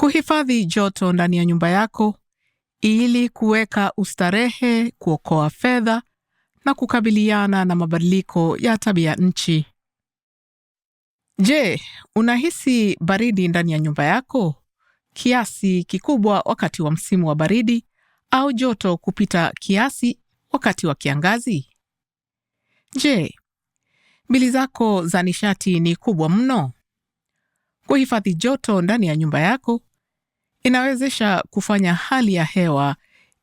Kuhifadhi joto ndani ya nyumba yako ili kuweka ustarehe, kuokoa fedha na kukabiliana na mabadiliko ya tabia nchi. Je, unahisi baridi ndani ya nyumba yako kiasi kikubwa wakati wa msimu wa baridi au joto kupita kiasi wakati wa kiangazi? Je, bili zako za nishati ni kubwa mno? Kuhifadhi joto ndani ya nyumba yako inawezesha kufanya hali ya hewa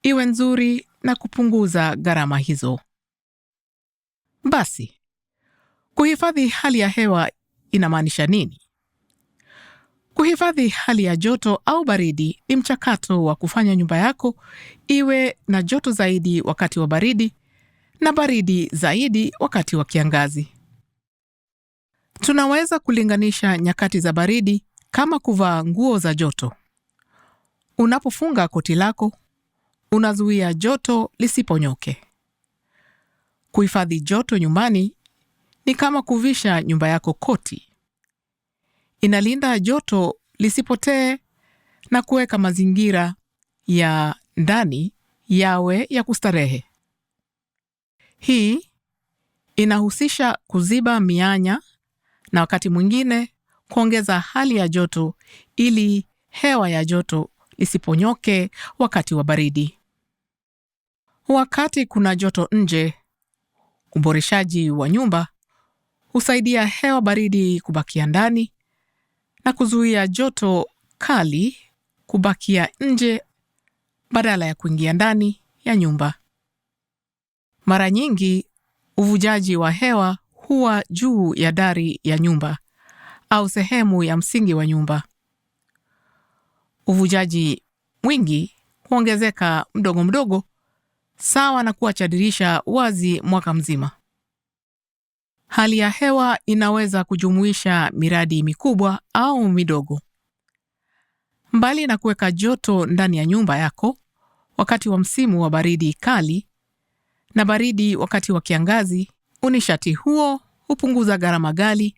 iwe nzuri na kupunguza gharama hizo. Basi, kuhifadhi hali ya hewa inamaanisha nini? Kuhifadhi hali ya joto au baridi ni mchakato wa kufanya nyumba yako iwe na joto zaidi wakati wa baridi na baridi zaidi wakati wa kiangazi. Tunaweza kulinganisha nyakati za baridi kama kuvaa nguo za joto. Unapofunga koti lako, unazuia joto lisiponyoke. Kuhifadhi joto nyumbani ni kama kuvisha nyumba yako koti. Inalinda joto lisipotee na kuweka mazingira ya ndani yawe ya kustarehe. Hii inahusisha kuziba mianya na wakati mwingine kuongeza hali ya joto ili hewa ya joto isiponyoke wakati wa baridi. Wakati kuna joto nje, uboreshaji wa nyumba husaidia hewa baridi kubakia ndani na kuzuia joto kali kubakia nje badala ya kuingia ndani ya nyumba. Mara nyingi uvujaji wa hewa huwa juu ya dari ya nyumba au sehemu ya msingi wa nyumba uvujaji mwingi kuongezeka mdogo mdogo, sawa na kuacha dirisha wazi mwaka mzima. Hali ya hewa inaweza kujumuisha miradi mikubwa au midogo. Mbali na kuweka joto ndani ya nyumba yako wakati wa msimu wa baridi kali na baridi wakati wa kiangazi, unishati huo hupunguza gharama ghali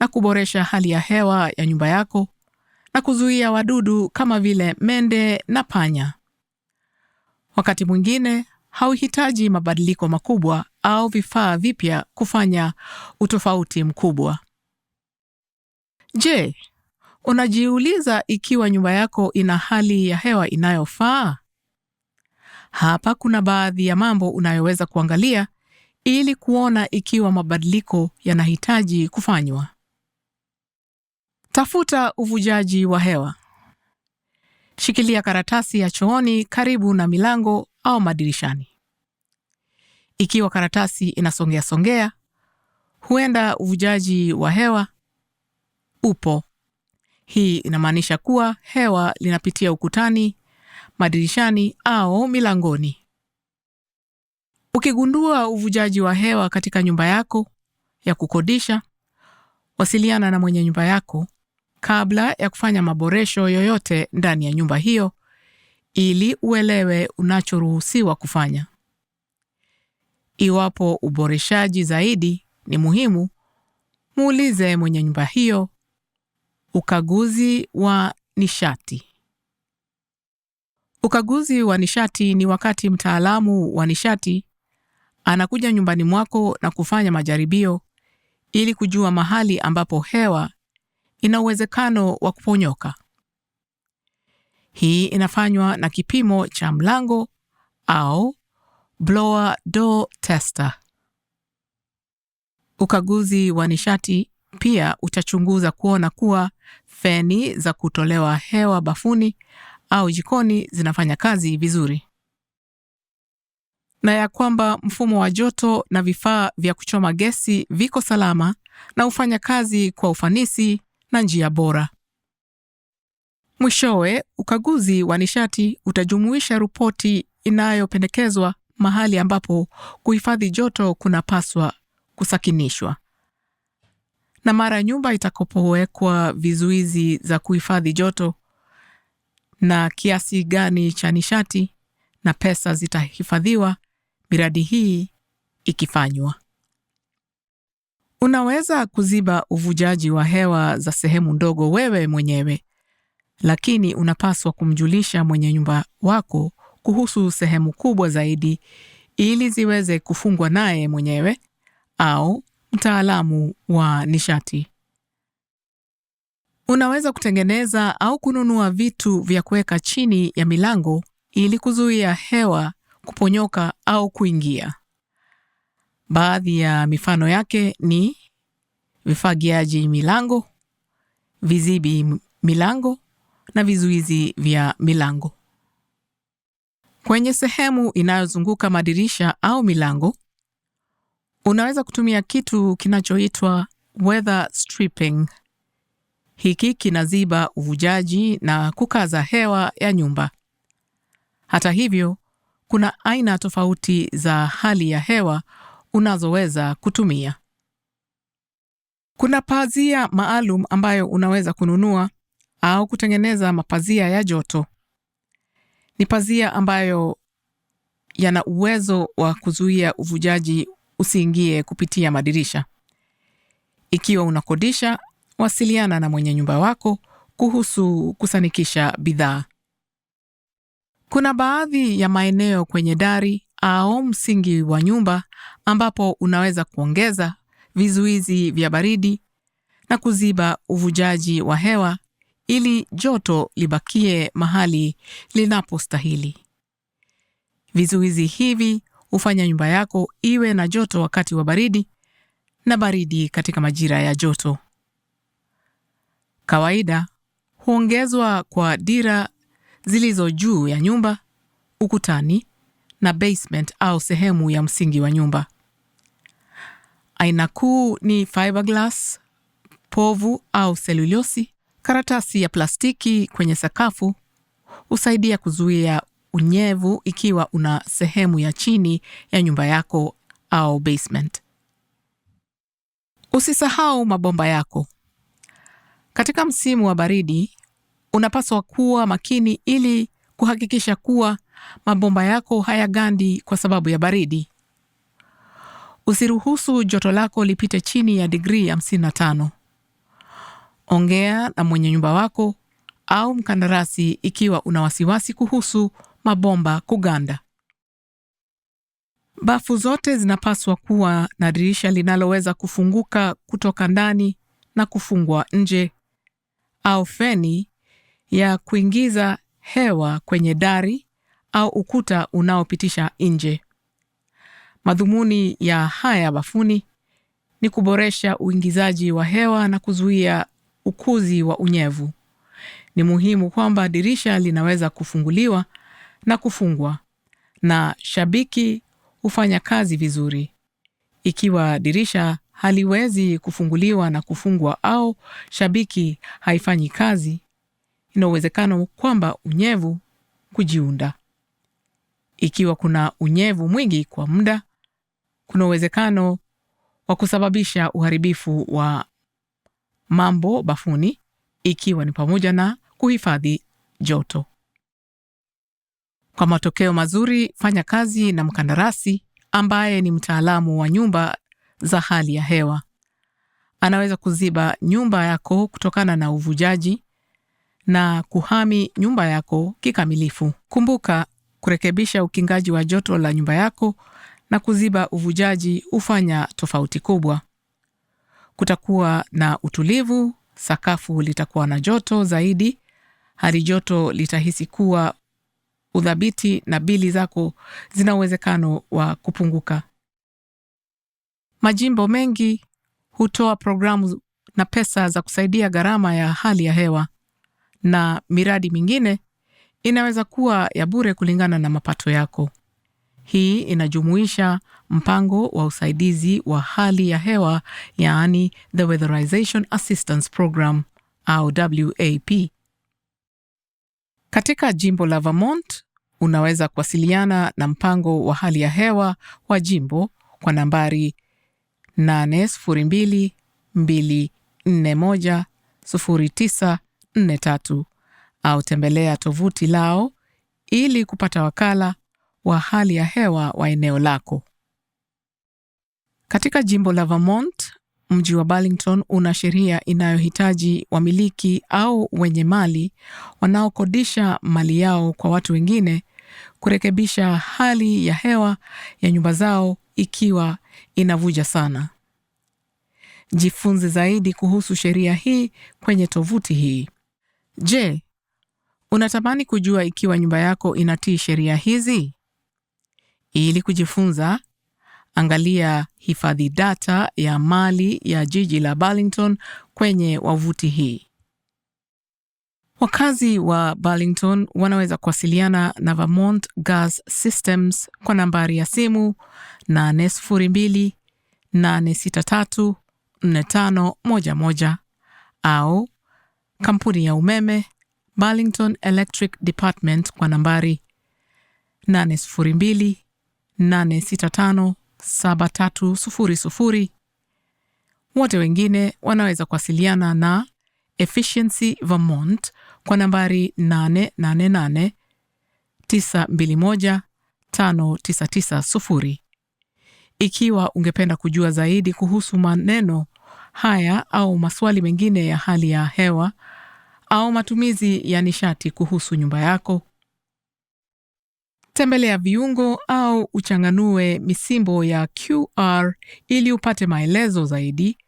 na kuboresha hali ya hewa ya nyumba yako na kuzuia wadudu kama vile mende na panya. Wakati mwingine hauhitaji mabadiliko makubwa au vifaa vipya kufanya utofauti mkubwa. Je, unajiuliza ikiwa nyumba yako ina hali ya hewa inayofaa? Hapa kuna baadhi ya mambo unayoweza kuangalia ili kuona ikiwa mabadiliko yanahitaji kufanywa. Tafuta uvujaji wa hewa. Shikilia karatasi ya chooni karibu na milango au madirishani. Ikiwa karatasi inasongea songea, huenda uvujaji wa hewa upo. Hii inamaanisha kuwa hewa linapitia ukutani, madirishani au milangoni. Ukigundua uvujaji wa hewa katika nyumba yako ya kukodisha, wasiliana na mwenye nyumba yako kabla ya kufanya maboresho yoyote ndani ya nyumba hiyo ili uelewe unachoruhusiwa kufanya. Iwapo uboreshaji zaidi ni muhimu, muulize mwenye nyumba hiyo. Ukaguzi wa nishati. Ukaguzi wa nishati ni wakati mtaalamu wa nishati anakuja nyumbani mwako na kufanya majaribio ili kujua mahali ambapo hewa ina uwezekano wa kuponyoka. Hii inafanywa na kipimo cha mlango au blower door tester. Ukaguzi wa nishati pia utachunguza kuona kuwa feni za kutolewa hewa bafuni au jikoni zinafanya kazi vizuri na ya kwamba mfumo wa joto na vifaa vya kuchoma gesi viko salama na ufanya kazi kwa ufanisi na njia bora. Mwishowe, ukaguzi wa nishati utajumuisha ripoti inayopendekezwa mahali ambapo kuhifadhi joto kunapaswa kusakinishwa. Na mara nyumba itakapowekwa vizuizi za kuhifadhi joto na kiasi gani cha nishati na pesa zitahifadhiwa, miradi hii ikifanywa. Unaweza kuziba uvujaji wa hewa za sehemu ndogo wewe mwenyewe, lakini unapaswa kumjulisha mwenye nyumba wako kuhusu sehemu kubwa zaidi ili ziweze kufungwa naye mwenyewe au mtaalamu wa nishati. Unaweza kutengeneza au kununua vitu vya kuweka chini ya milango ili kuzuia hewa kuponyoka au kuingia. Baadhi ya mifano yake ni vifagiaji milango, vizibi milango na vizuizi vya milango. Kwenye sehemu inayozunguka madirisha au milango, unaweza kutumia kitu kinachoitwa weather stripping. Hiki kinaziba uvujaji na kukaza hewa ya nyumba. Hata hivyo, kuna aina tofauti za hali ya hewa unazoweza kutumia. Kuna pazia maalum ambayo unaweza kununua au kutengeneza mapazia ya joto. Ni pazia ambayo yana uwezo wa kuzuia uvujaji usiingie kupitia madirisha. Ikiwa unakodisha, wasiliana na mwenye nyumba wako kuhusu kusanikisha bidhaa. Kuna baadhi ya maeneo kwenye dari au msingi wa nyumba ambapo unaweza kuongeza vizuizi vya baridi na kuziba uvujaji wa hewa ili joto libakie mahali linapostahili. Vizuizi hivi hufanya nyumba yako iwe na joto wakati wa baridi na baridi katika majira ya joto. Kawaida huongezwa kwa dira zilizo juu ya nyumba, ukutani na basement au sehemu ya msingi wa nyumba. Aina kuu ni fiberglass, povu au selulosi Karatasi ya plastiki kwenye sakafu husaidia kuzuia unyevu ikiwa una sehemu ya chini ya nyumba yako au basement. Usisahau mabomba yako. Katika msimu wa baridi, unapaswa kuwa makini ili kuhakikisha kuwa mabomba yako hayagandi kwa sababu ya baridi. Usiruhusu joto lako lipite chini ya digrii 55. Ongea na mwenye nyumba wako au mkandarasi ikiwa una wasiwasi kuhusu mabomba kuganda. Bafu zote zinapaswa kuwa na dirisha linaloweza kufunguka kutoka ndani na kufungwa nje, au feni ya kuingiza hewa kwenye dari au ukuta unaopitisha nje. Madhumuni ya haya bafuni ni kuboresha uingizaji wa hewa na kuzuia ukuzi wa unyevu. Ni muhimu kwamba dirisha linaweza kufunguliwa na kufungwa na shabiki hufanya kazi vizuri. Ikiwa dirisha haliwezi kufunguliwa na kufungwa au shabiki haifanyi kazi, ina uwezekano kwamba unyevu kujiunda. Ikiwa kuna unyevu mwingi kwa muda, kuna uwezekano wa kusababisha uharibifu wa mambo bafuni, ikiwa ni pamoja na kuhifadhi joto. Kwa matokeo mazuri, fanya kazi na mkandarasi ambaye ni mtaalamu wa nyumba za hali ya hewa. Anaweza kuziba nyumba yako kutokana na uvujaji na kuhami nyumba yako kikamilifu. Kumbuka, kurekebisha ukingaji wa joto la nyumba yako na kuziba uvujaji hufanya tofauti kubwa. Kutakuwa na utulivu, sakafu litakuwa na joto zaidi, hali joto litahisi kuwa udhabiti na bili zako zina uwezekano wa kupunguka. Majimbo mengi hutoa programu na pesa za kusaidia gharama ya hali ya hewa na miradi mingine inaweza kuwa ya bure kulingana na mapato yako. Hii inajumuisha mpango wa usaidizi wa hali ya hewa, yaani the Weatherization Assistance Program au WAP. Katika jimbo la Vermont, unaweza kuwasiliana na mpango wa hali ya hewa wa jimbo kwa nambari 802 241 0943 au tembelea tovuti lao ili kupata wakala wa hali ya hewa wa eneo lako. Katika jimbo la Vermont, mji wa Burlington una sheria inayohitaji wamiliki au wenye mali wanaokodisha mali yao kwa watu wengine kurekebisha hali ya hewa ya nyumba zao ikiwa inavuja sana. Jifunze zaidi kuhusu sheria hii kwenye tovuti hii. Je, Unatamani kujua ikiwa nyumba yako inatii sheria hizi? Ili kujifunza, angalia hifadhi data ya mali ya jiji la Burlington kwenye wavuti hii. Wakazi wa Burlington wanaweza kuwasiliana na Vermont Gas Systems kwa nambari ya simu 802 863 4511 au kampuni ya umeme Burlington Electric Department kwa nambari 802 865 7300. Wote wengine wanaweza kuwasiliana na Efficiency Vermont kwa nambari 888 921 Ikiwa ungependa kujua zaidi kuhusu maneno haya au maswali mengine ya hali ya hewa au matumizi ya nishati kuhusu nyumba yako. Tembelea viungo au uchanganue misimbo ya QR ili upate maelezo zaidi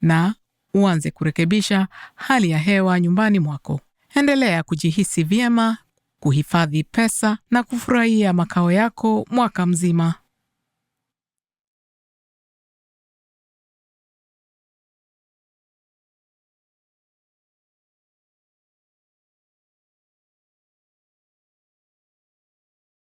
na uanze kurekebisha hali ya hewa nyumbani mwako. Endelea kujihisi vyema, kuhifadhi pesa na kufurahia makao yako mwaka mzima.